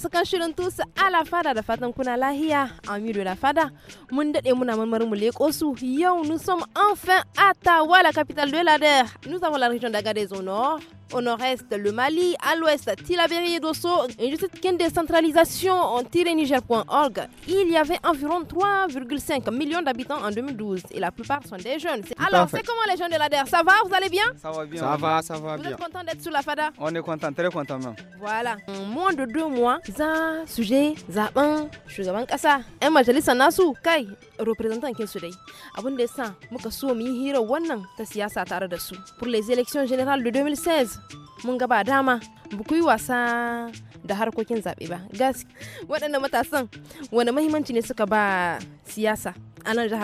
cikin shirin tusu ala fada da fatan kuna lahiya amiru la fada mun dade muna marmarin mu leƙo su yau nous sommes enfin à Tawa la capitale de l'Ader nous avons la région d'Agadez au nord au nord-est le Mali, à l'ouest Tilaberi et Dosso. Et juste qu'une décentralisation en niger.org, il y avait environ 3,5 millions d'habitants en 2012 et la plupart sont des jeunes. Alors, c'est comment les jeunes de l'ADER Ça va Vous allez bien Ça va bien. Ça va, ça va bien. Vous êtes content d'être sur la FADA On est content, très content Voilà. En moins de deux mois, ça, sujet, un, je suis avant ça. Un ça. kai, representant kin su dai abin da yasa muka so mu yi hirar wannan ta siyasa tare da su pour les élections générales de 2016 mun ga ba dama ba ku yi wasa da harkokin zaɓe ba gas waɗannan matasan wani mahimmanci ne suka ba siyasa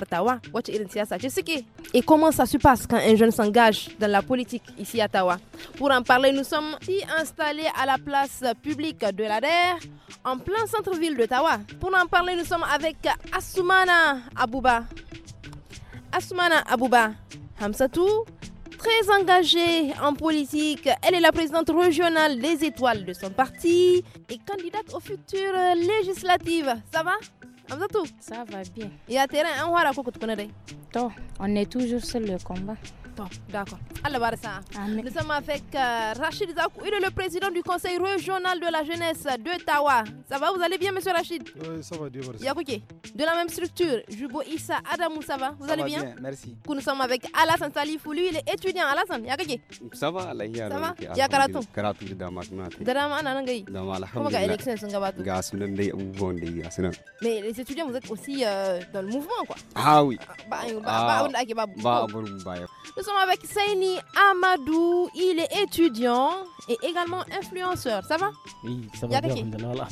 Tawa Et comment ça se passe quand un jeune s'engage dans la politique ici à Tawa Pour en parler, nous sommes installés à la place publique de la DER, en plein centre-ville de Tawa. Pour en parler, nous sommes avec Asumana Abouba. Asumana Abouba Hamsatou, très engagée en politique. Elle est la présidente régionale des étoiles de son parti et candidate aux futures législatives. Ça va ça va bien. Il y a terrain, on va la coco, tu connais. On est toujours sur le combat d'accord. Allah Nous sommes avec euh, Rachid Zakou, il est le président du conseil régional de la jeunesse de Tawa. Ça va, vous allez bien, monsieur Rachid Oui, ça va, Dieu merci. de la même structure, Jubo Issa Adamou, ça va Vous allez bien, Merci. Nous sommes avec Alassane Salifou, lui, il est étudiant. Alassane, Ça va, Ça va Karatou, Comment Mais les étudiants, vous êtes aussi euh, dans le mouvement, quoi. Ah oui. Ah, bah, bah, sommes avec Saini Amadou. Il est étudiant et également influenceur. Ça va Oui, ça va bien.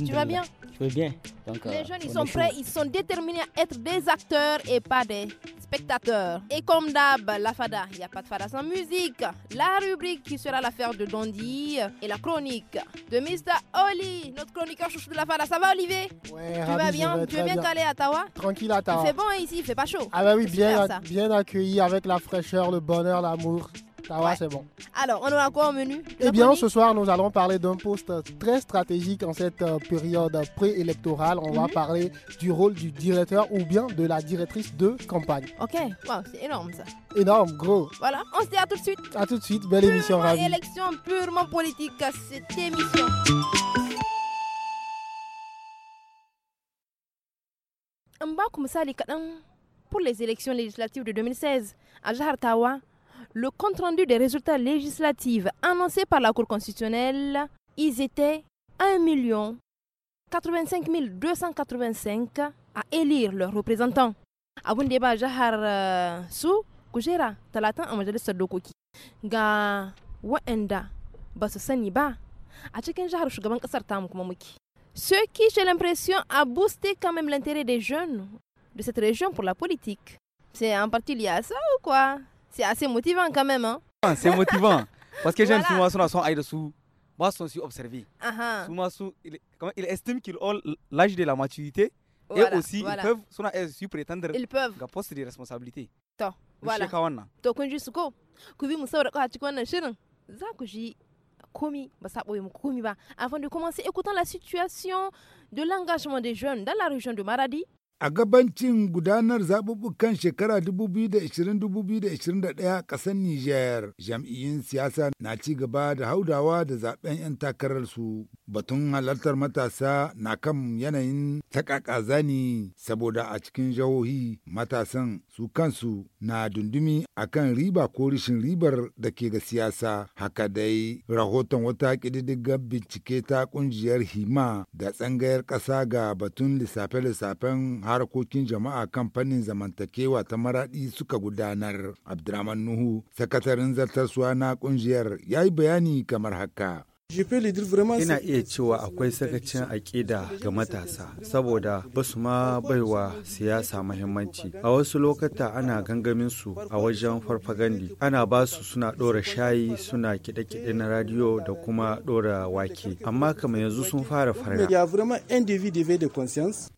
Tu vas bien Je vais bien. les euh, jeunes, ils sont prêts, ils sont déterminés à être des acteurs et pas des spectateurs. Et comme d'hab, la fada, il n'y a pas de fada sans musique. La rubrique qui sera l'affaire de Dondi et la chronique de Mr. Oli, notre chroniqueur chouchou de la fada. Ça va, Olivier Tu vas bien Tu veux bien, t'aller à Tawa Tranquille à Tawa. Il fait bon ici, il fait pas chaud. Ah bah oui, bien, bien accueilli avec la fraîcheur, le bon bonheur, l'amour. Ouais. c'est bon. Alors, on aura quoi au menu Eh bien, ce soir, nous allons parler d'un poste très stratégique en cette euh, période préélectorale. On va mhm. parler du rôle du directeur ou bien de la directrice de campagne. Ok, wow, c'est énorme ça. Énorme, gros. Voilà, on se dit à tout de suite. À tout de suite, belle purement émission, ravi. élection purement politique, cette émission. Pour les élections législatives de 2016, à Jartawa, le compte-rendu des résultats législatifs annoncés par la Cour constitutionnelle, ils étaient 1 million 85 à élire leurs représentants. kujera ga sani Ce qui, j'ai l'impression, a boosté quand même l'intérêt des jeunes de cette région pour la politique. C'est en partie lié à ça ou quoi c'est assez motivant quand même. Hein? Ah, c'est motivant. Parce que j'aime jeunes son aïe dessous. Moi, sont suis observé. Uh ah, -huh. Ah. il, estime qu'ils ont l'âge de la maturité et aussi ils peuvent se prétendre ils peuvent poste de responsabilité. voilà. avant de commencer, Écoutons la situation de l'engagement des jeunes dans la région de Maradi A gabancin gudanar zaɓuɓɓukan shekara 2020-2021 ƙasar Nijar, jam'iyyun siyasa na ci gaba da haudawa da zaɓen 'yan takararsu. Batun halartar matasa na kan yanayin zani, saboda a cikin jihohi matasan su kansu na dundumi a kan riba ko rishin ribar da ke ga siyasa. Haka dai rahoton wata ƙididdigar bincike ta ƙungiyar Hima da tsangayar ƙasa ga batun lissafe-lissafen harkokin jama'a kan fannin zamantakewa ta maradi suka gudanar. abdulrahman Nuhu, sakataren zartaswa na ƙungiyar, ya yi bayani kamar haka. Ina iya cewa akwai sakacin aƙida ga matasa saboda ba su ma baiwa siyasa mahimmanci. A wasu lokata ana gangamin su a wajen farfagandi. Ana ba su suna ɗora shayi suna kiɗe-kiɗe na radiyo da kuma ɗora wake. Amma kamar yanzu sun fara farna.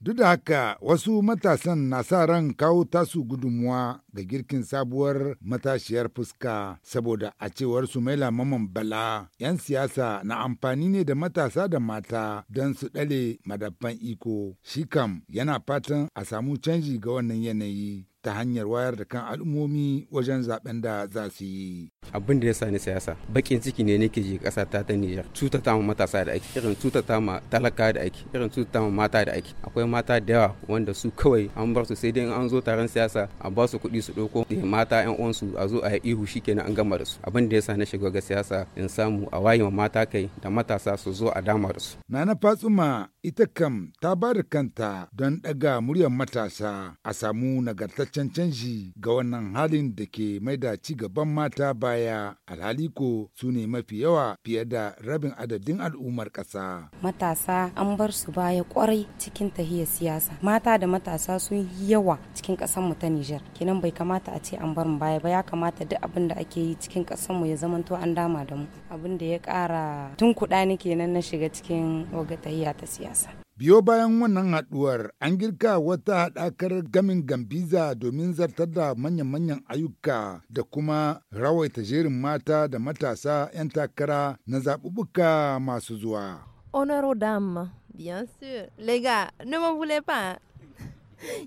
Duk da haka wasu matasan na sa ran kawo tasu gudunmuwa ga girkin sabuwar matashiyar fuska saboda a cewar su mai Maman Bala 'yan siyasa na amfani ne da matasa da mata don su ɗale madafan iko. Shi kam yana fatan a samu canji ga wannan yanayi ta hanyar wayar da kan al'ummomi wajen zaben da za su yi. Abin da ya sani siyasa bakin ciki ne ke ji kasa ta ta Nijar cutata ma matasa da aiki irin cutata ma talaka da aiki irin cutata ma mata da aiki akwai mata da yawa wanda su kawai an bar su sai dai an zo taron siyasa a ba su kuɗi su ɗauko eh, mata yan uwansu a zo a yi ihu shikenan an gama da su abin da ya sani shiga ga siyasa in samu a ma mata kai da matasa su zo a dama da su. Nana Fatsuma ita kam ta ba da kanta don ɗaga muryar matasa a samu nagartacce zancen canji ga wannan halin da ke maida ci gaban mata baya alhali ko su ne mafi yawa fiye da rabin adadin al'ummar ƙasa. Matasa an bar su baya kwarai cikin tahiyar siyasa. Mata da matasa sun yi yawa cikin mu ta Nijar. Kenan bai kamata a ce an bar mu baya ba ya kamata duk abin da ake yi cikin mu ya zama to an dama da mu. Abin da ya ƙara tun kuɗa ne kenan na shiga cikin waga tahiya ta siyasa. Biyo bayan wannan haɗuwar an girka wata haɗakar gamin gambiza domin zartar da manyan-manyan ayyuka da kuma rawaita jerin mata da matasa 'yan takara na zaɓuɓɓuka masu zuwa. Honoro dame, bien sûr. Lega, ne m'en voulez pas.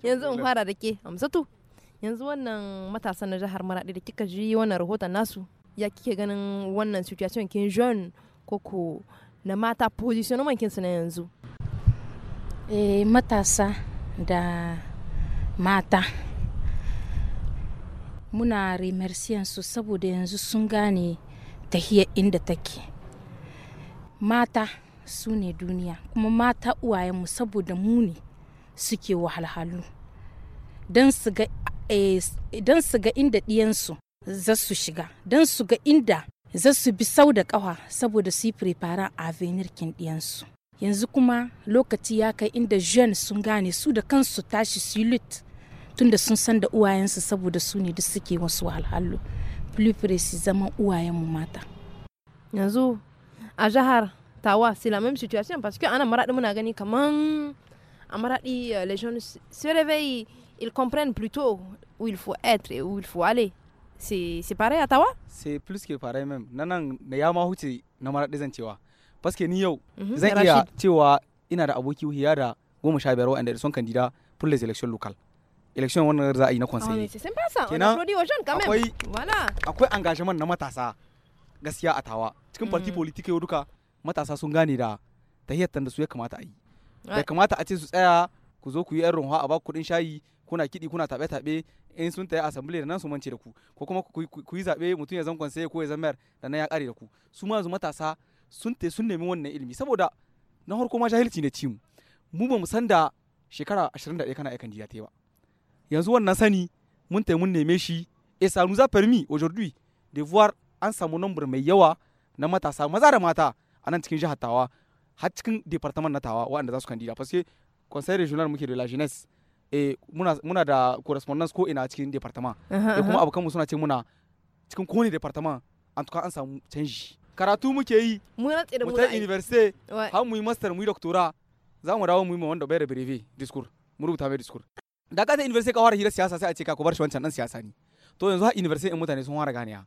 Yanzu in fara da ke, amsatu. Yanzu wannan matasa na jihar Maraɗi da kika ji wannan rahoton nasu, ya kike ganin wannan situation kin jeune koko na mata positionnement kinsu na yanzu. e, matasa da mata muna remerciyan su saboda yanzu sun gane tahiyar inda take mata su ne duniya kuma mata uwayenmu saboda muni ne suke wahalhalu don eh, su ga inda ɗiyansu za su shiga don su ga inda za su bi sau da ƙawa saboda su yi a avenirkin ɗiyansu yanzu kuma lokaci ya kai inda jeune sun gane su da kansu tashi su lut tunda sun san da uwayensu saboda su ne duk suke wasu wahalhalu plus zaman uwayenmu mata yanzu a jihar tawa c'est la même situation parce que ana maradi muna gani kaman a maradi euh, les jeunes se réveillent ils comprennent plutôt où il faut être et où il faut aller c'est c'est pareil à tawa c'est plus que pareil même nanan ne ya ma huce na maradi zancewa paske ni yau mhm. zan iya cewa ina da aboki hiya da goma sha biyar waɗanda sun kandida fulles election local election wannan za a yi na konsayi kenan akwai akwai engagement na matasa gaskiya a tawa cikin mhm. party politics yau duka matasa sun gane da tahiyar da su ya kamata a yi bai kamata a ce su tsaya ku zo ku yi yan a ba kuɗin shayi kuna kiɗi kuna taɓe taɓe in sun tayi assembly da nan su mance da ku ko kuma ku yi zaɓe mutum ya zan conseil ko ya zan mayar da nan ya ƙare da ku su ma yanzu matasa sun te sun nemi wannan ilimi saboda na harko ma jahilci ne cimu mu ba mu san da shekara 21 kana aikan diya ba yanzu wannan sani mun te mun neme shi e sa nous a permis aujourd'hui de voir an samu nombre mai yawa na matasa maza da mata a nan cikin jihar Tawa har cikin departament na Tawa waɗanda za su kandida parce que conseil régional muke da la jeunesse e muna muna da correspondance ko ina cikin departement. kuma abokan mu suna ce muna cikin kowane departement an tuka an samu canji karatu muke yi mu rantse ta university har mu yi master mu yi doctora za mu dawo mu yi ma wanda bai da brevi diskur mu rubuta mai diskur da ka ta universite ka fara hira siyasa sai a ce ka ku bar shi wancan dan siyasa ne to yanzu har universite in mutane sun fara ganiya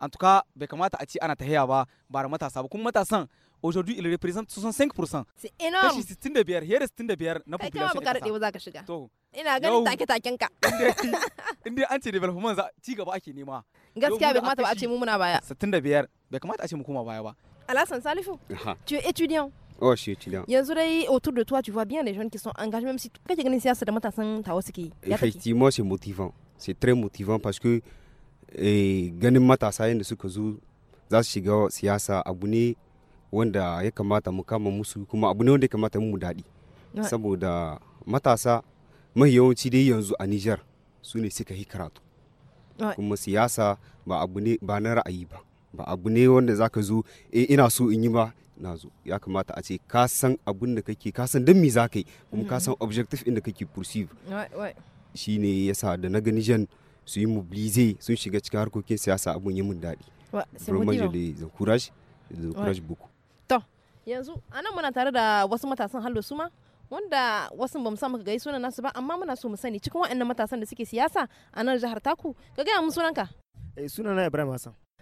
en tout cas bai kamata a ce ana tahiya ba ba da matasa ba kuma matasan aujourd'hui il représente 65% c'est énorme kashi 65 here 65 na population kai kuma ba ka shiga to ina ganin take taken ka inda an ce development za ci gaba ake nema gaskiya bai kamata ba a ce mu muna baya 65 bai kamata a ce mu koma baya ba Alassane Salifou tu es étudiant Oh, je suis étudiant. autour de toi, tu vois bien les jeunes qui sont engagés, même si quand tu gagnes c'est Effectivement, c'est motivant. C'est très motivant parce que eh, ganin matasa yadda suka zo za su shiga siyasa abu ne wanda ya kamata mu kama musu kuma abu ne wanda ya kamata mu daɗi saboda matasa mahi yawanci dai yanzu a Nijar su ne suka yi karatu kuma siyasa ba abu ba na ra'ayi ba ba abu ne wanda zaka zo eh, ina so in yi ba na zo ya kamata a ce ka san abin da kake ka san dan me zaka yi kuma ka san objective inda kake perceive shine sa da na gani jan su yi mobilize sun shiga cikin harkokin siyasa abun yi mun daɗi. Vraiment je les To, yanzu anan muna tare da wasu matasan hallo su ma wanda wasu ba san muka gai sunan nasu ba amma muna so mu sani cikin waɗannan matasan da suke siyasa a nan jihar taku ka gaya mun sunanka. Eh, sunana Ibrahim Hassan.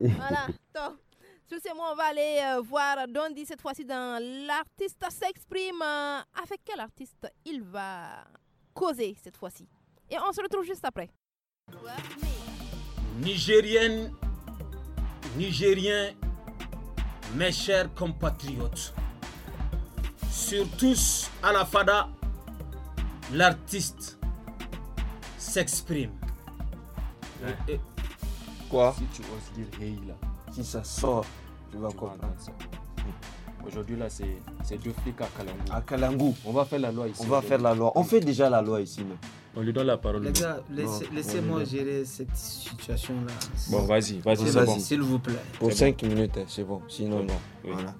Voilà, donc Sur ce on va aller euh, voir Dondi cette fois-ci dans L'artiste s'exprime. Euh, avec quel artiste il va causer cette fois-ci Et on se retrouve juste après. Nigérienne, Nigérien, mes chers compatriotes, sur tous à la fada, l'artiste s'exprime. Si tu oses dire hey là, si ça sort, tu vas comprendre. ça. Aujourd'hui, là, c'est deux flics à Kalangou. À Kalangu On va faire la loi ici. On va faire la loi. On fait déjà la loi ici. non On lui donne la parole. Les gars, laissez-moi gérer cette situation-là. Bon, vas-y, vas-y, c'est bon. S'il vous plaît. Pour 5 minutes, hein, c'est bon. Sinon, non. Voilà.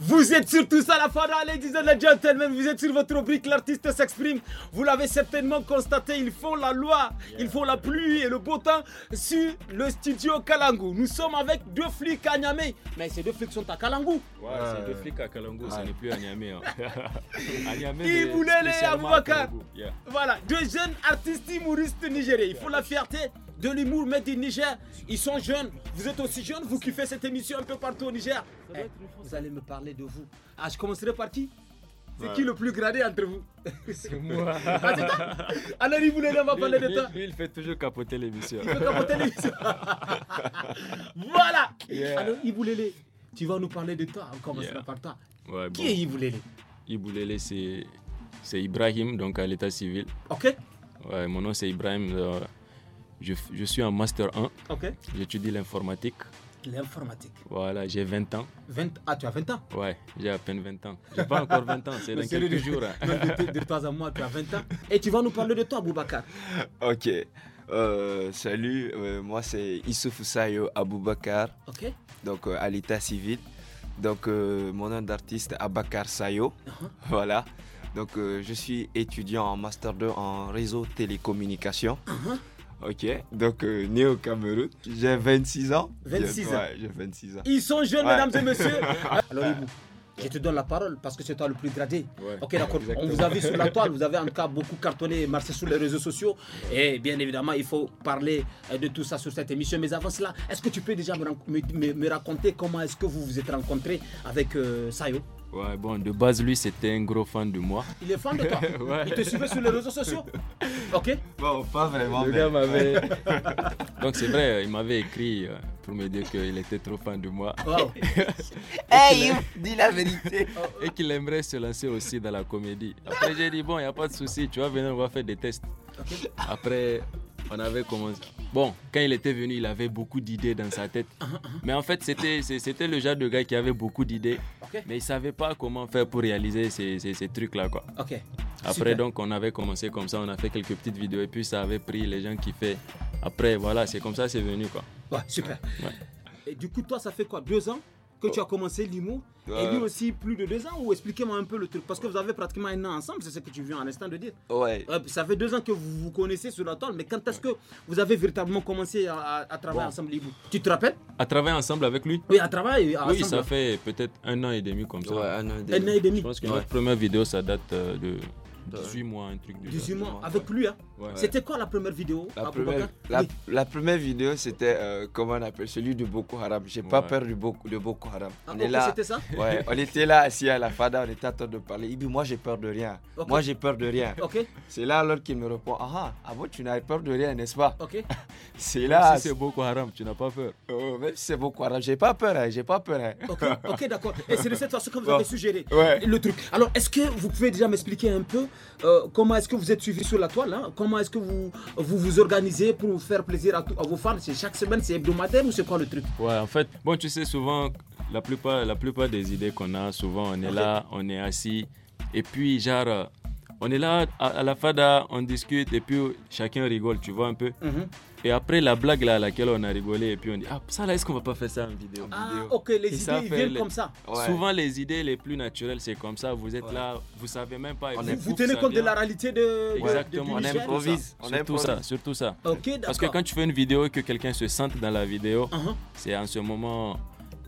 Vous êtes sur tout ça, la fada, ladies and gentlemen. Vous êtes sur votre rubrique, l'artiste s'exprime. Vous l'avez certainement constaté, Il faut la loi, il faut la pluie et le beau temps sur le studio Kalangu. Nous sommes avec deux flics à Niamey. Mais ces deux flics sont à Kalangu. Ouais, ces deux flics à Kalangu, ce n'est plus à Niamey. Ils hein. les Voilà, deux jeunes artistes humoristes nigériens. Il faut la fierté de l'humour mais du Niger. Ils sont jeunes. Vous êtes aussi jeunes, vous kiffez cette émission un peu partout au Niger. Eh, vous allez me parler de vous. Ah, je commencerai par qui c'est bah. qui le plus gradé entre vous C'est moi. Alors, il voulait on va parler de toi. il fait toujours capoter l'émission. Il capoter l'émission. voilà. Alors, Iboulele, tu vas nous parler de toi. On commencera par toi. qui est Iboulele Iboulele, c'est, c'est Ibrahim, donc à l'état civil. Ok. Ouais, mon nom, c'est Ibrahim. Euh, je, suis en Master 1. J'étudie l'informatique. L'informatique. Voilà, j'ai 20 ans. Ah, tu as 20 ans Ouais, j'ai à peine 20 ans. Je n'ai pas encore 20 ans, c'est dans quelques de... jours. Hein. de, toi à moi, tu as 20 ans. Et tu vas nous parler de toi, Boubacar. Ok. Euh, salut, euh, moi c'est Issouf Sayo Aboubakar. Ok. Donc euh, à l'état civil. Donc mon nom d'artiste Abakar Sayo. Uh-huh. Voilà. Donc je suis étudiant en master 2 en réseau télécommunication. Uh-huh. Ok, donc euh, né au Cameroun. J'ai 26 ans. 26 ans. j'ai 26 ans. Ils sont jeunes, mesdames et messieurs. Alors, Ibou, je te donne la parole parce que c'est toi le plus gradé. ok, d'accord. On vous a vu sur la toile, vous avez en tout cas beaucoup cartonné et marché sur les réseaux sociaux. Et bien évidemment, il faut parler euh, de tout ça sur cette émission. Mais avant cela, est-ce que tu peux déjà me, me, raconter comment est-ce que vous vous êtes rencontré avec euh, Sayo Ouais, bon, de base, lui, c'était un gros fan de moi. Il est fan de toi ouais. Il te suivait sur les réseaux sociaux Ok Bon, pas vraiment. Le gars m'avait. Donc, c'est vrai, il m'avait écrit euh, pour me dire qu'il était trop fan de moi. hey, dis la vérité Et qu'il aimerait se lancer aussi dans la comédie. Après, j'ai dit, bon, il n'y a pas de souci, tu vas venir, on va faire des tests. Après, on avait commencé. Bon, quand il était venu, il avait beaucoup d'idées dans sa tête. Mais en fait, c'était, le genre de gars qui avait beaucoup d'idées. Mais il ne savait pas comment faire pour réaliser ces, trucs-là. Quoi. Ok. Après, donc, on avait commencé comme ça. On a fait quelques petites vidéos. Et puis, ça avait pris les gens qui font. Après, voilà, c'est comme ça, c'est venu. Quoi. Ouais, super. Et du coup, toi, ça fait quoi Deux ans que tu as commencé l'IMO et lui aussi plus de deux ans ou expliquez-moi un peu le truc parce que vous avez pratiquement un an ensemble, c'est ce que tu viens en instant de dire. Ouais. Euh, ça fait deux ans que vous vous connaissez sur la toile, mais quand est-ce que vous avez véritablement commencé à, travailler ensemble Tu te rappelles À travailler ensemble avec lui Oui, à travailler. À oui, ça fait peut-être un an et demi comme ça. un an et demi. Je pense que notre première vidéo ça date euh, de 18 mois, un truc de 18 mois, avec lui. Hein. C'était quoi la première vidéo La, première, la, première vidéo, c'était, euh, comment on appelle, celui de Boko Haram. J'ai pas peur du de Boko Haram. Ah, on là. C'était ça on était là assis à la fada, on était en train de parler. Il dit, moi j'ai peur de rien. Moi j'ai peur de rien. C'est là alors qu'il me répond, ah, ah bon, tu n'as peur de rien, n'est-ce pas C'est là. c'est Boko Haram, tu n'as pas peur. Oh, c'est Boko Haram, j'ai pas peur, hein, j'ai pas peur. Hein. Ok, d'accord. Et c'est de cette façon que vous oh. avez suggéré le truc. Alors, est-ce que vous pouvez déjà m'expliquer un peu euh, comment est-ce que vous êtes suivi sur la toile hein? Comment est-ce que vous, vous, organisez pour faire plaisir à, vos fans C'est chaque semaine, c'est hebdomadaire ou c'est quoi le truc Ouais, en fait, bon, tu sais, souvent, la plupart, la plupart des idées qu'on a, souvent, on est là, on est assis, et puis, genre, euh, on est là, à, la fada, on discute, et puis chacun rigole, tu vois un peu mhm. Et après la blague là à laquelle on a rigolé et puis on dit ah ça là est-ce qu'on va pas faire ça en vidéo Ah ok les idées viennent comme ça. Souvent les idées les plus naturelles c'est comme ça vous êtes là vous savez même pas. vous, tenez compte de la réalité de. Exactement on improvise. On surtout ça surtout ça. Ok Parce que quand tu fais une vidéo et que quelqu'un se sente dans la vidéo uh-huh. c'est en ce moment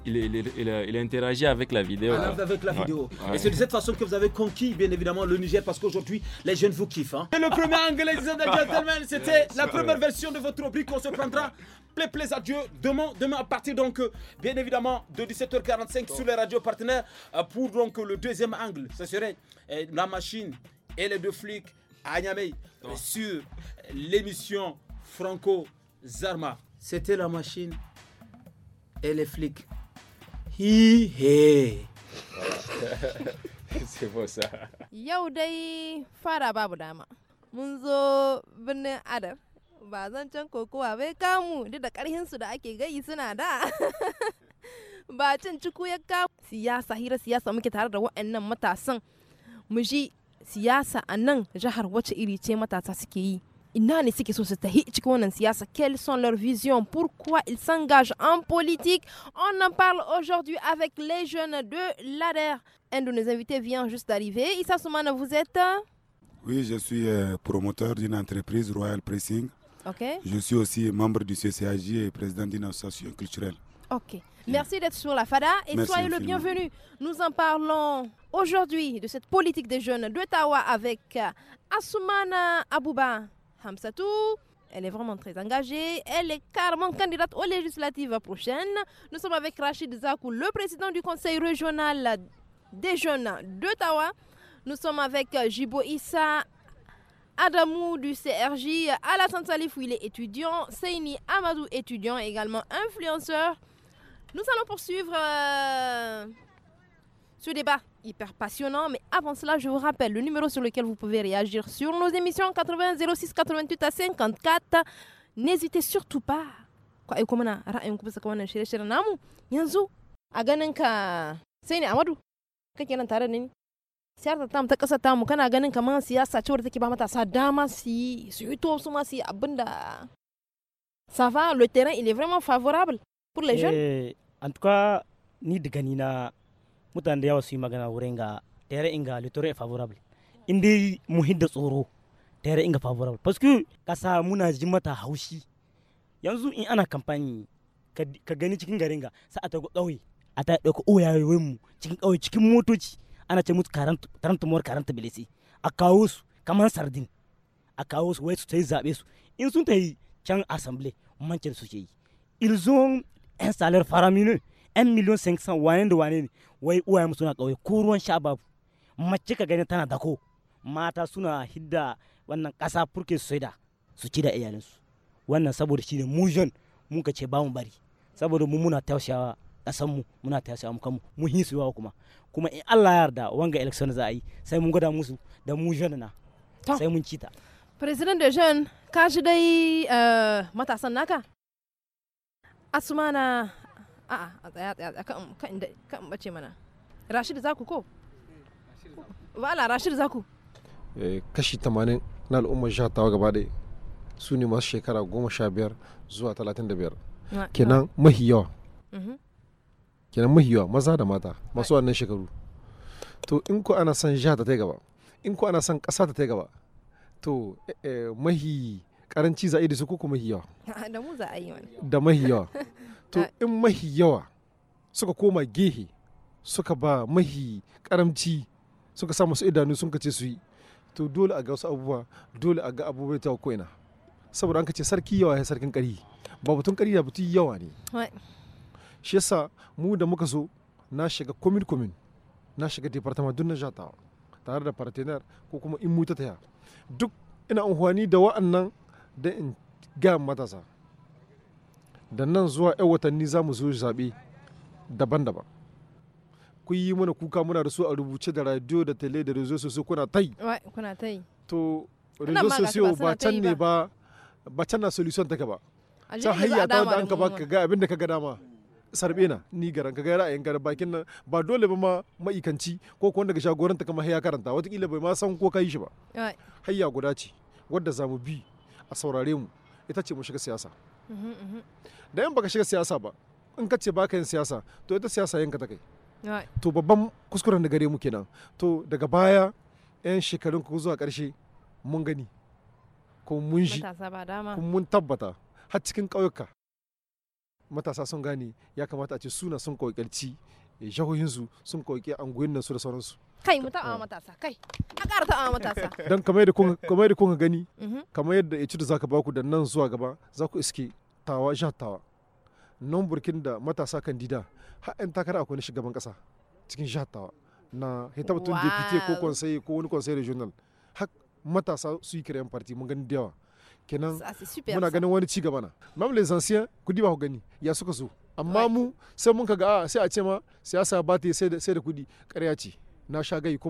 il, a interagi interagit avec la vidéo. Ah, avec la vidéo. Et c'est de cette façon que vous avez conquis, bien évidemment, le Niger, parce qu'aujourd'hui, les jeunes vous kiffent. Et hein. le premier anglais, gentlemen, c'était la première version de votre rubrique. qu'on se prendra plaît, plaît à Dieu. Demain, demain à partir donc, euh, bien évidemment, de 17h45 sur les radios partenaires euh, pour donc le deuxième angle. Ce serait euh, la machine et les deux flics à Niamey sur l'émission Franco Zarma. C'était la machine et les flics hi he yau dai fara babu dama mun zo birnin adar ba zan can kokowa bai kamu duk da da ake gayi suna da ba cin ciku ya kamu siyasa hira siyasa muke tare da wa'annan matasan mu ji siyasa a nan jihar wacce iri ce matasa suke yi quelles sont leurs visions pourquoi ils s'engagent en politique on en parle aujourd'hui avec les jeunes de l'ADER un de nos invités vient juste d'arriver Issa Soumane vous êtes euh? oui je suis euh, promoteur d'une entreprise Royal Pressing Ok. je suis aussi membre du CCAJ et président d'une association culturelle ok Merci d'être sur la FADA et soyez le bienvenu. Nous en parlons aujourd'hui de cette politique des jeunes d'Ottawa avec euh, Assoumana Abouba, Hamsatou. Elle est vraiment très engagée. Elle est carrément candidate aux législatives prochaines. Nous sommes avec Rachid Zakou, le président du conseil régional des jeunes d'Ottawa. Nous sommes avec euh, Jibo Issa, Adamou du CRJ, Alassane Salif, où il est étudiant, Seini Amadou, étudiant, également influenceur. Nous allons poursuivre euh, ce débat hyper passionnant. Mais avant cela, je vous rappelle le numéro sur lequel vous pouvez réagir sur nos émissions 80 06 88 à 54. N'hésitez surtout pas. ça va le terrain il est vraiment favorable pour les eh, jeunes en tout cas ni de ganina mutane da yawa su yi magana wurin ga tare inga litoro favorable in dai muhim da tsoro tare inga favorable paske kasa muna ji mata haushi yanzu in ana kamfani ka gani cikin garin ga sa a tago kauye a ta dauko mu cikin kauye cikin motoci ana ce mutu karanta muwar karanta bilisi a kawo su kamar sardin a kawo su wai su ta yi zaɓe su in sun ta yi can assembly mancin suke yi ilzon yan salar salaire 'yan miliyon 500 wane da wane ne wai uwaye mu suna kauye ko ruwan sha babu mace ka gani tana dako mata suna hidda wannan ƙasa furke su saida su ci da iyalinsu wannan saboda shi ne mu mun ka ce bamu bari saboda mu muna tausayawa ƙasan mu muna tausayawa mu kanmu mu hisuwa kuma kuma in Allah ya yarda wanga election za a yi sai mun gwada musu da mu na sai mun ci ta president de jeune ka shi dai eh, matasan naka asumana a'a a tsaya tsaya kan kan kan bace mana Rashid za ku ko wala Rashid za ku. Eh, kashi 80 na al'ummar jihar Tawa gaba ɗaya su ne masu shekara goma sha biyar zuwa talatin da biyar kenan mahi yawa mhm. kenan mahi yawa maza da mata masu wannan shekaru to in ko ana son jihar ta ta gaba in ko ana son ƙasa ta ta gaba to eh, eh, mahi karanci za a yi da su ko kuma yawa da mu za a yi wani da mahi yawa to in mahi yawa suka koma gehe suka ba mahi karamci suka sa masu idanu sun kace su yi to dole a ga wasu abubuwa dole a ga abubuwa ta ko'ina saboda an kace sarki yawa ya sarkin kari ba batun kari da batun yawa ne shi yasa mu da muka so na shiga komin komin na shiga departament dun na jata tare da partenaire ko kuma in mu ta duk ina amfani da wa'annan da in ga matasa da nan zuwa 'yan watanni za mu zo zaɓe daban-daban kun yi mana kuka muna da su a rubuce da radio da tele da rezo sosai kuna tai kuna tai to rezo sosai ba can ne ba ba can na solution take ba ta hayya ta wanda an ka baka ga abin da ka ga dama sarbe na ni garan ka ga ra'ayin gara bakin nan ba dole ba ma maikanci ko ko daga ga shagoranta kama haya karanta watakila bai ma san ko yi shi ba hayya guda ce wadda za mu bi a saurare mu ita ce mu shiga siyasa da yan baka shiga siyasa ba in ka ce baka yin siyasa to ita siyasa yanka ta kai to babban kuskuren da gare mu kenan to daga baya yan shekarun ku zuwa karshe mun gani ko mun shi mun tabbata har cikin ƙauyuka matasa sun gane ya kamata a ce suna sun ƙoƙarci eh, jahohinsu sun ƙoƙi anguwin nan su da sauransu kai mu taɓa matasa kai a ƙara taɓa matasa don kamar yadda kuka gani kamar yadda ya ci da zaka baku da nan zuwa gaba za ku iske tawa sha tawa nan burkin da matasa kan dida har takara akwai na shugaban kasa cikin sha tawa na hitabatun fite ko conseil ko wani conseil regional har matasa su yi kiran parti mun gani da yawa kenan muna ganin wani ci gaba na mamle les kudi ba ku gani ya suka so amma mu sai mun kaga a sai a ce ma siyasa ba ta sai da kudi ƙarya ce la lutte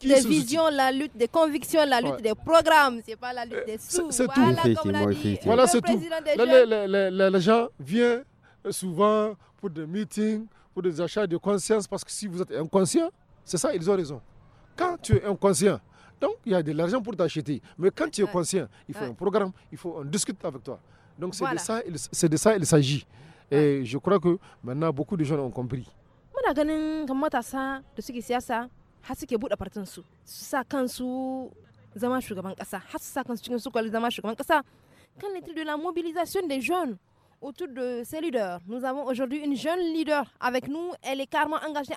des visions la lutte des convictions la lutte des programmes c'est pas la lutte des sous c'est tout voilà c'est tout les gens viennent euh, souvent pour des meetings pour des achats de conscience parce que si vous êtes inconscient c'est ça ils ont raison quand tu es inconscient donc, il y a de l'argent pour t'acheter. Mais quand tu es conscient, il faut un programme, il faut on discute avec toi. Donc, c'est voilà. de ça il s'agit. Et je crois que maintenant, beaucoup de gens ont compris. muna ganin kan matasa da suke siyasa har suke buɗe fartinsu su sa kansu zama shugaban ƙasa har su sa kansu cikin su kwali zama shugaban ƙasa kan le de la mobilisation des jeunes autour de ces leaders nous avons aujourd'hui une jeune leader avec nous elle est carrément engagée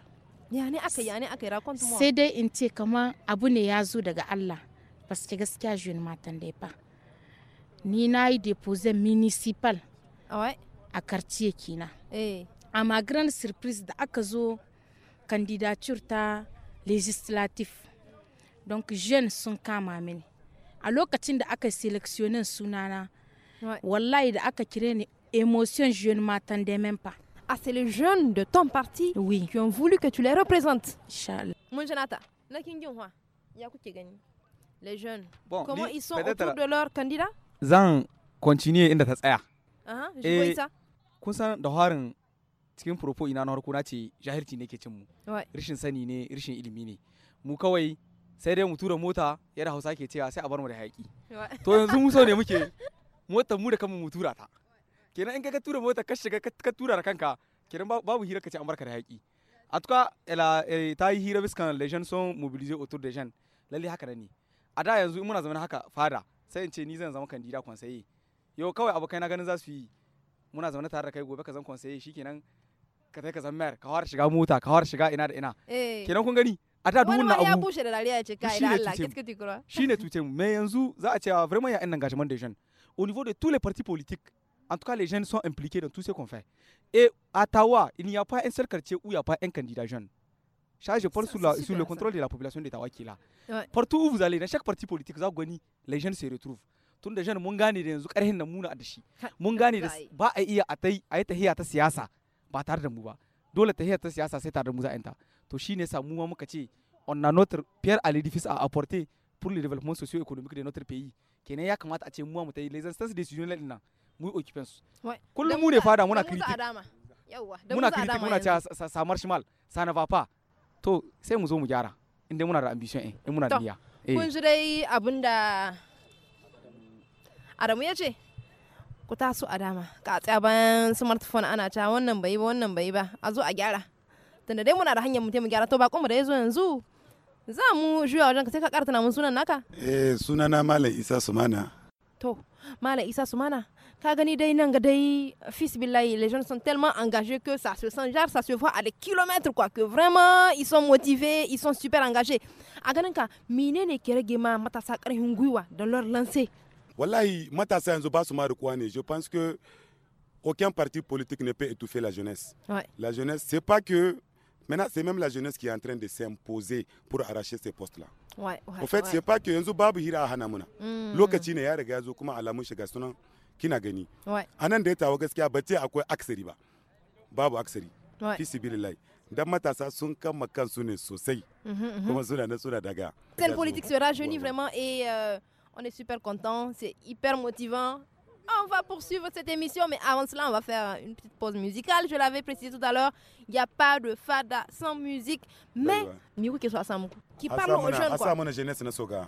yani aka yani aka yi rakonta sai dai in ce kamar abu ne ya zo daga Allah paske gaskiya je matan da ba ni na yi deposit municipal a karciye kina eh. amma grand surprise da aka zo candidature ta legislative donc jeune sun kama mini a lokacin da aka selectionin sunana wallahi da aka kire ni emotion jeune matan da mempa Ah, c'est les jeunes de ton parti oui. qui ont voulu que tu les représentes. Charles. Mon Jonathan, les jeunes, bon, comment ils sont autour de leur candidat Zan continue inda ta tsaya. Aha, je ça. Kun san da harin cikin propos ina na harko na ce jahilci ne ke cin mu. Rishin sani ne, rishin ilimi ne. Mu kawai sai dai mu tura mota yadda Hausa ke cewa sai a bar mu da hayaki. To yanzu mu so ne muke motar mu da kanmu mu tura ta kenan in ka tura mota ka shiga ka tura da kanka kenan babu hira kace an barka da haƙi a tuka e, ta yi hira biskan lejan son mobilize autour des jeunes lalle haka ne a da yanzu in muna zama haka fada sai in ce ni zan zama kandida konsaye yo kawai abokai na ganin za su yi muna zaune tare da kai gobe ka zan konsaye shikenan ka kai ka zan mayar ka fara shiga mota ka fara shiga ina da ina eh. kenan kun gani a da duk wannan abu ya bushe da dariya ya shine tutem me yanzu za a ce ah, vraiment ya engagement des jeunes au niveau de tous les partis politiques en tout cas, les jeunes sont impliqués dans tout ce qu'on fait. Et à Tawa, il n'y a pas un seul quartier où il n'y a pas un candidat jeune. Ça, je parle sous, la, le contrôle de la population de Tawa qui est là. Partout où vous allez, dans chaque parti politique, Zagwani, les jeunes se retrouvent. Tous les jeunes mun gane da yanzu ƙarhin da muna da shi. Mun gane da ba a iya a tai a yi tahiya ta siyasa ba ta da mu ba. Dole ta siyasa sai tare da mu za a To shine sa mu ma muka ce on a notre pierre à l'édifice à apporter pour le développement socio-économique de notre pays. Kenan ya kamata a ce mu ma mu tai les instances décisionnelles na. mu occupants ouais. kullum mu ne fada muna critique muna critique muna cewa samar shimal sana vafa to sai mu zo mu gyara inda muna da ambition eh, in muna da niyya eh. kun ji dai abin da Adamu ya ce ku taso a dama ka tsaya bayan smartphone ana cewa wannan bai ba wannan bai ba a zo a gyara tunda dai muna da hanyar mu mu gyara to bakon mu da ya zo yanzu za mu juya wajen ka sai ka karanta mun sunan naka eh sunana malam Isa Sumana to malam Isa Sumana T'as gagné des fils billahi. Les jeunes sont tellement engagés que ça se sent, genre, ça se voit à des kilomètres, quoi. Que vraiment, ils sont motivés, ils sont super engagés. aganka mine ne mata matasakari hunguiwa dans leur lancer. Wallahi, matasa yanzu basu ma ne. Je pense que aucun parti politique ne peut étouffer la jeunesse. Ouais. La jeunesse, c'est pas que. Maintenant, c'est même la jeunesse qui est en train de s'imposer pour arracher ces postes-là. Ouais, ouais, en fait, c'est pas que Yanzu Babu Hira Hanamuna. Hmm. ne ya riga kuma alamun shiga sunan kina gani a nan da ya tawo gaskiya ba ce akwai aksari ba babu aksari fi sibililai dan matasa sun kama kansu ne sosai mhm, mhm. kuma suna na suna daga cette politique sera rajeunit vraiment et euh, on est super content c'est hyper motivant ah, on va poursuivre cette émission, mais avant cela, on va faire une petite pause musicale. Je l'avais précisé tout à l'heure, il n'y a pas de fada sans musique, ben mais Miku qui soit Qui parle aux jeunes. Quoi.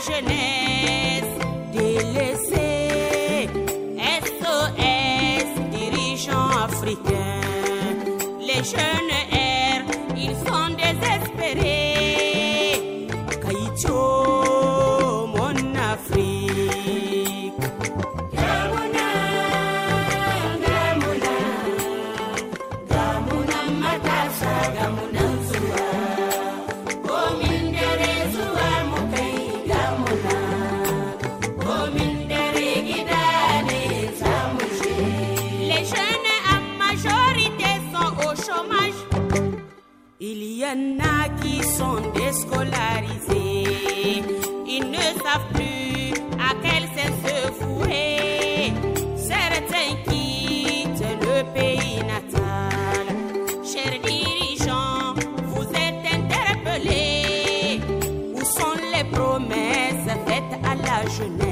jeunesse délaissée. SOS, dirigeants africains, les jeunes. qui sont déscolarisés. Ils ne savent plus à quel sens se Certains quittent le pays natal. Chers dirigeants, vous êtes interpellés. Où sont les promesses faites à la jeunesse?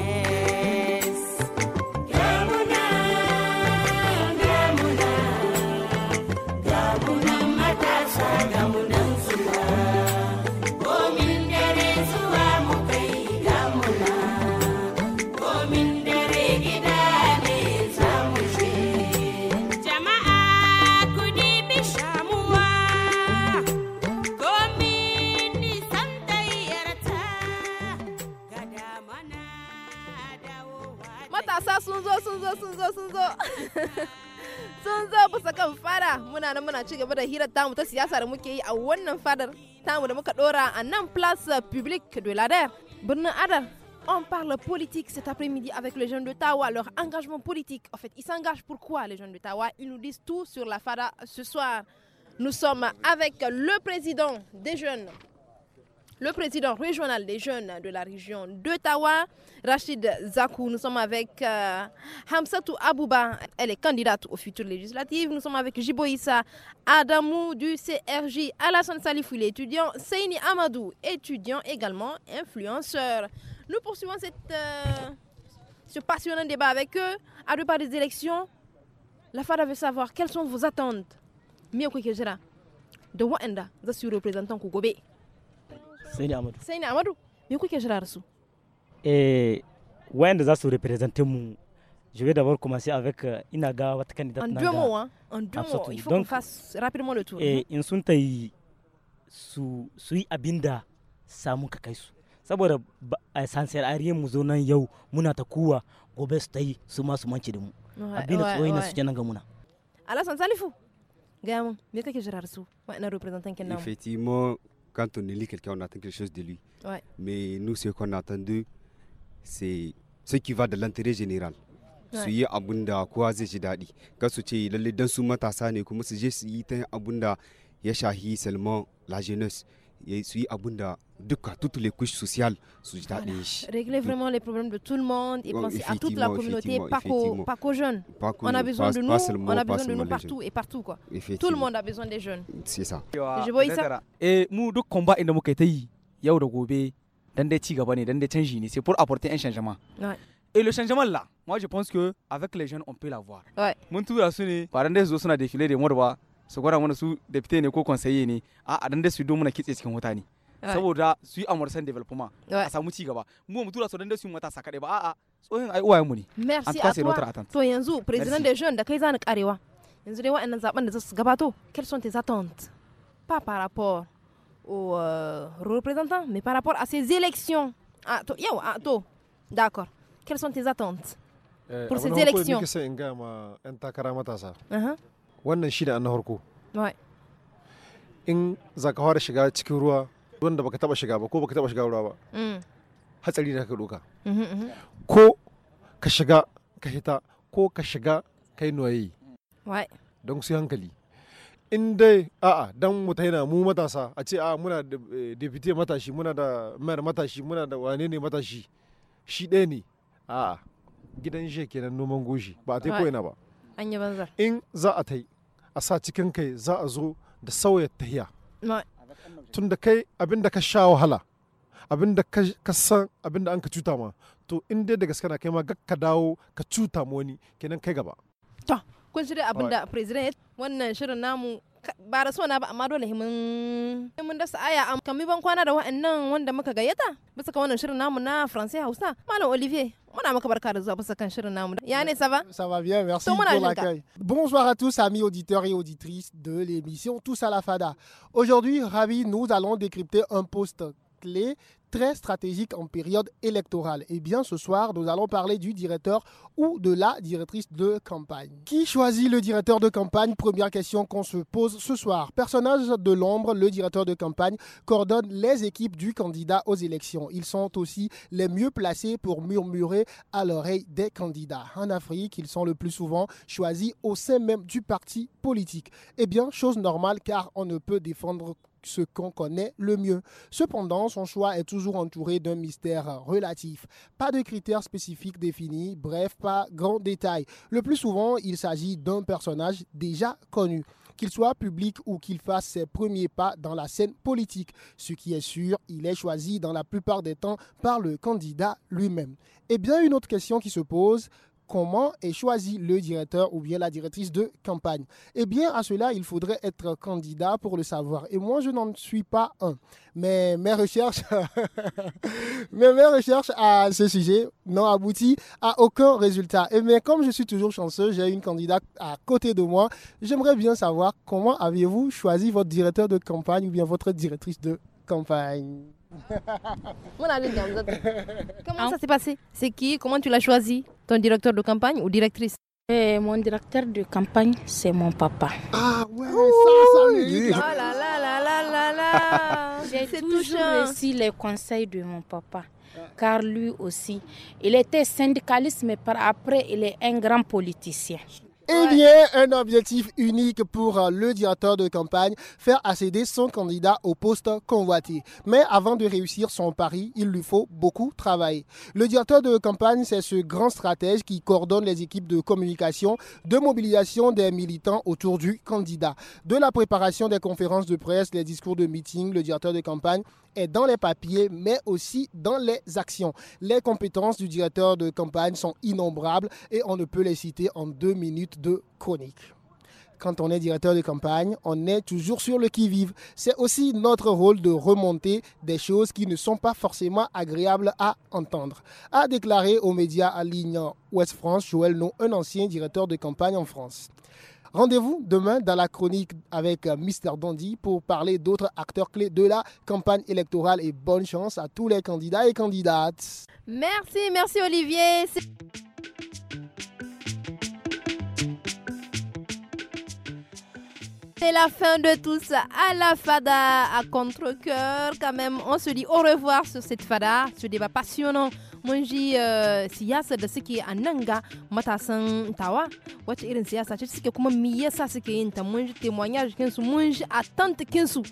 on parle politique cet après-midi avec les jeunes de Tawa, leur engagement politique. En fait, ils s'engagent pourquoi les jeunes de Ils nous disent tout sur la FADA ce soir. Nous sommes avec le président des jeunes le président régional des jeunes de la région d'Ottawa, Rachid Zakou. Nous sommes avec euh, Hamsatou Abouba, elle est candidate aux futures législatives. Nous sommes avec jiboïsa Adamou du CRJ, Alassane Salifou, étudiant, Seini Amadou, étudiant également influenceur. Nous poursuivons cette, euh, ce passionnant débat avec eux. À deux pas des élections, la FADA veut savoir quelles sont vos attentes. Mieux que de Wanda, représentant Kougobe. sai ni amadu sai ni amadu me kuke shirar su eh wayanda za su representer mu je vais d'abord commencer avec euh, ina ga wata candidate en deux mots en deux mots il faut qu'on fasse rapidement le tour eh in sun tai su su yi abinda samu ka kai su saboda a eh, sansayar ariyan mu zo nan yau muna ta kuwa gobe su ta yi su ma su manci da mu abinda tsoyi na su jana ga muna alasan salifu gaya mun me kake jirar su wa'annan representant kin namu effectivement quand on élit quelqu'un, on attend quelque chose de lui. Mais nous, ce qu'on attend lui, c'est ce qui va de l'intérêt général. su Abunda, abun da kowa Quand ji daɗi que le ce lalle dan su matasa ne kuma su je su yi ta ya shahi seulement la jeunesse je suis duka toutes les couches sociales sous Régler mm. vraiment les problèmes de tout le monde et oh, penser à toute la communauté, pas qu'aux pas jeunes. on a besoin de nous, on a besoin de nous partout et partout quoi. Tout le monde a besoin des jeunes. C'est ça. Je vois ça. Et eh, nous le combat inda de ta yau da gobe dan dai ci ne, dan dai c'est pour apporter un changement. Et le changement là, moi je pense que avec les jeunes on peut l'avoir. Ouais. tour a sonné. Par un des dai on a défilé des su gwada mana su depute ne ko conseiller ne a dan da su domin kitse cikin wuta ne saboda su yi amursan development a samu ci gaba mu mu tura su dan da su matasa kadai ba a'a tsohin ai uwayen mu ne merci a toi to yanzu president des jeunes da kai zan karewa yanzu dai wa'annan zaben da za su gabato quelles sont tes attentes pas par rapport aux euh, représentants mais par rapport à ces élections ah to yau ah to d'accord quelles sont tes attentes eh, pour ces élections wannan shi ne an na in za ka fara shiga cikin ruwa wanda baka taba shiga ba ko baka taba shiga ruwa ba mm. hatsari da ka doka mm-hmm, mm-hmm. ko ka shiga ka hita ko ka shiga kai noyayi. don su hankali in dai a'a dan muta yana mu matasa a ce a muna da eh, deputy matashi muna da mayar matashi muna da wane ne matashi shi ɗaya ne a'a gidan shi kenan noman goshi ba a ta ko ina ba in za a ta yi a sa cikin kai za a zo da sauya tahiya tun da kai abin da ka sha wahala abin da ka san abin da an ka cuta ma to in dai da gaske na kai ma ka dawo ka cuta ma wani kenan kai gaba kun shirya abin president wannan shirin namu ba da sona ba amma dole mun mun da sa'aya am kami ban kwana da wa'annan wanda muka gayyata bisa ka wannan shirin namu na Francais Hausa Malam Olivier muna maka barka da zuwa bisa kan shirin namu ya ne ça va ça va bien merci pour l'accueil bonsoir à tous amis auditeurs et auditrices de l'émission Tous à la Fada aujourd'hui ravi nous allons décrypter un poste clé très stratégique en période électorale. Et eh bien ce soir, nous allons parler du directeur ou de la directrice de campagne. Qui choisit le directeur de campagne Première question qu'on se pose ce soir. Personnage de l'ombre, le directeur de campagne coordonne les équipes du candidat aux élections. Ils sont aussi les mieux placés pour murmurer à l'oreille des candidats. En Afrique, ils sont le plus souvent choisis au sein même du parti politique. Et eh bien, chose normale car on ne peut défendre ce qu'on connaît le mieux. Cependant, son choix est toujours entouré d'un mystère relatif. Pas de critères spécifiques définis, bref, pas grand détail. Le plus souvent, il s'agit d'un personnage déjà connu, qu'il soit public ou qu'il fasse ses premiers pas dans la scène politique. Ce qui est sûr, il est choisi dans la plupart des temps par le candidat lui-même. Et eh bien une autre question qui se pose, comment est choisi le directeur ou bien la directrice de campagne Eh bien, à cela, il faudrait être candidat pour le savoir. Et moi, je n'en suis pas un. Mais mes recherches, mes recherches à ce sujet n'ont abouti à aucun résultat. Et eh mais comme je suis toujours chanceux, j'ai une candidate à côté de moi. J'aimerais bien savoir comment avez-vous choisi votre directeur de campagne ou bien votre directrice de campagne. Comment hein ça s'est passé C'est qui Comment tu l'as choisi Ton directeur de campagne ou directrice eh, mon directeur de campagne, c'est mon papa. Ah ouais, ça, ça, Oh J'ai toujours reçu les conseils de mon papa. Car lui aussi, il était syndicaliste, mais par après, il est un grand politicien. Eh bien, un objectif unique pour euh, le directeur de campagne, faire accéder son candidat au poste convoité. Mais avant de réussir son pari, il lui faut beaucoup travailler. Le directeur de campagne, c'est ce grand stratège qui coordonne les équipes de communication, de mobilisation des militants autour du candidat. De la préparation des conférences de presse, les discours de meeting, le directeur de campagne est dans les papiers, mais aussi dans les actions. Les compétences du directeur de campagne sont innombrables et on ne peut les citer en deux minutes de chronique quand on est directeur de campagne, on est toujours sur le qui-vive. C'est aussi notre rôle de remonter des choses qui ne sont pas forcément agréables à entendre. A déclaré aux médias alignant West Ouest France, Joël Non, un ancien directeur de campagne en France. Rendez-vous demain dans la chronique avec euh, Mister Dandy pour parler d'autres acteurs clés de la campagne électorale et bonne chance à tous les candidats et candidates. Merci, merci Olivier. C'est la fin de tous à la fada, à contre-coeur quand même. On se dit au revoir sur cette fada, ce débat passionnant mun ji eh, siyasa da suke a nan ga matasan tawa wacce irin siyasa ce suke kuma mi yasa suke yin ta mun ji temoyar su mun ji a su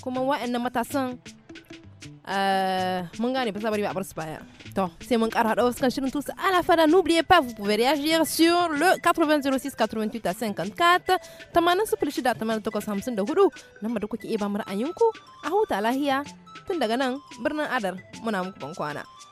kuma wa'annan matasan eh, mun gane ba sa ba a bar su baya to sai mun kara haɗa wasu shirin tusa ala fada n'oubliez pas vous pouvez réagir sur le 80 06 88 à 54 tamanin sufuri shida tamanin takwas hamsin da hudu nan da kuke iya ba mu ra'ayinku a huta lahiya tun daga nan birnin adar muna muku ban kwana.